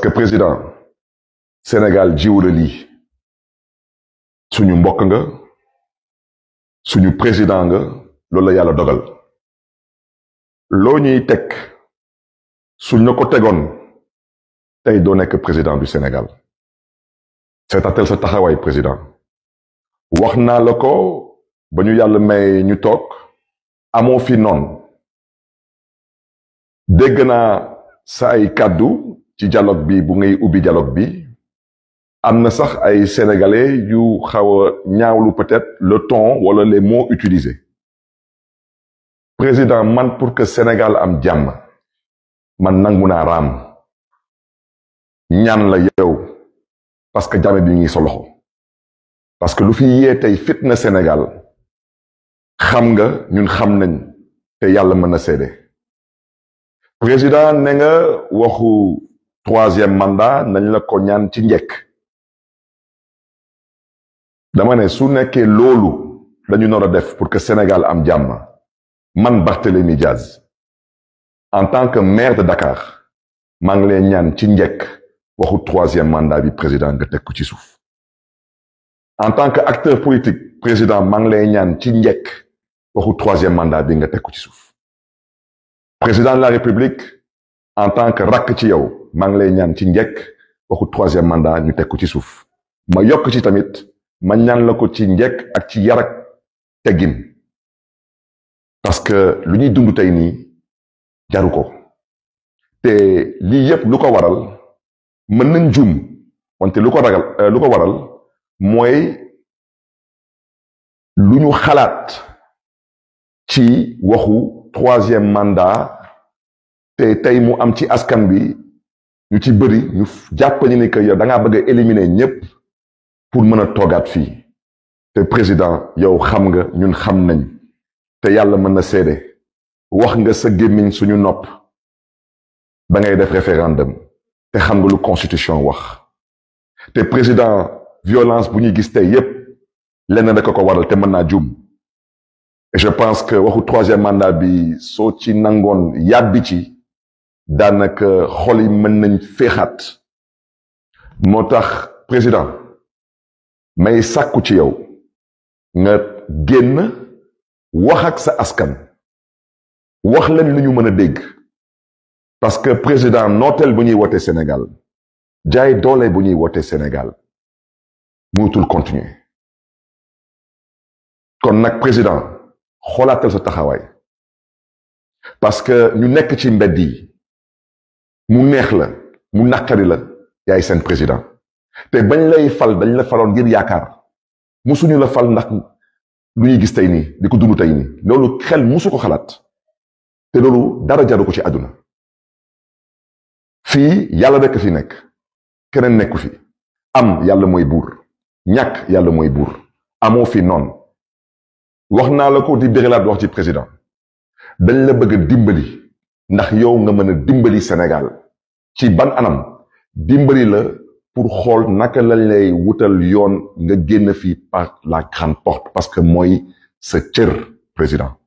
parce que président Sénégal jiw la lii suñu mbokk nga suñu président nga loolu la dogal loo ñuy ko président du Sénégal C'est à tel président wax président. la ko ba ñu yàlla may ñu toog degna fi ci dialogue bi bu ngay ubbi dialogue bi am na sax ay sénégalais yu xaw ñaawlu peut-être le ton wala le mots utilisés président man pour que Sénégal am jàmm man nangu naa raam ñaan la yow parce que jàmm bi ngi sa loxo parce que lu fi yee tey na Sénégal xam nga ñun xam nañ te yàlla mën na seede président ne waxu troisième mandat nañ la ko ñaan ci que dama ne su nekkee def pour que Sénégal am diamant. man Barthélémy Diaz en tant que maire de Dakar mang ngi leen ñaan ci troisième mandat bi président nga Koutisouf. en tant que acteur politique président mang ngi ñaan ci troisième mandat bi nga Koutisouf. président de la République en tant que rakk ci yow maa ngi lay ñaan ci njekk waxu troisième mandat ñu teg ko ci suuf ma yokk ci tamit ma ñaan la ko ci njëkk ak ci yarak teggin parce que lu ñuy dund tey nii jaru ko te lii yépp lu ko waral mën nañ juum wante lu ko ragal euh, lu ko waral mooy lu ñu xalaat ci waxu troisième mandat te tey mu am ci askan bi ñu ci bëri ñu jàpp ni que yow da ngaa bëgg a éliminer ñëpp pour mën a toggaat fii te président yow xam nga ñun xam nañ te yàlla mën na seede wax nga sa gémmiñ suñu nopp ba ngay def référendum te xam nga lu constitution wax te président violence bu ñu gis tey yépp lenn rek ko waral te mën naa jum et je pense que waxu troisième mandat bi soo ci nangoon yàbbi ci daanaka xol yi mën nañ feexaat moo tax président may sàkku ci yow nga génn wax ak sa askan wax leen lu ñu mën a dégg parce que président nooteel bu ñuy wootee Sénégal jaay doole bu ñuy wootee Sénégal mënatul continuer kon nag président xoolaatal sa taxawaay parce que ñu nekk ci mbedd yi mu neex la mu naqari la yaay seen président te bañ lay fal dañ la faloon ngir yaakaar musuñu la fal ndax lu ñuy gis tey nii di ko dund tey nii loolu xel musu ko xalaat te loolu dara jaru ko ci àdduna fii yàlla rekk fi nekk keneen nekku fi am yàlla mooy buur ñàkk yàlla mooy buur amoo fi noon wax naa la ko di bérilaat wax ci président dañ la bëgg dimbali ndax yow nga mën a dimbali Sénégal ci ban anam dimbali la pour xool naka lañ lay wutal yoon nga génn fii par la grande porte parce que mooy sa cër président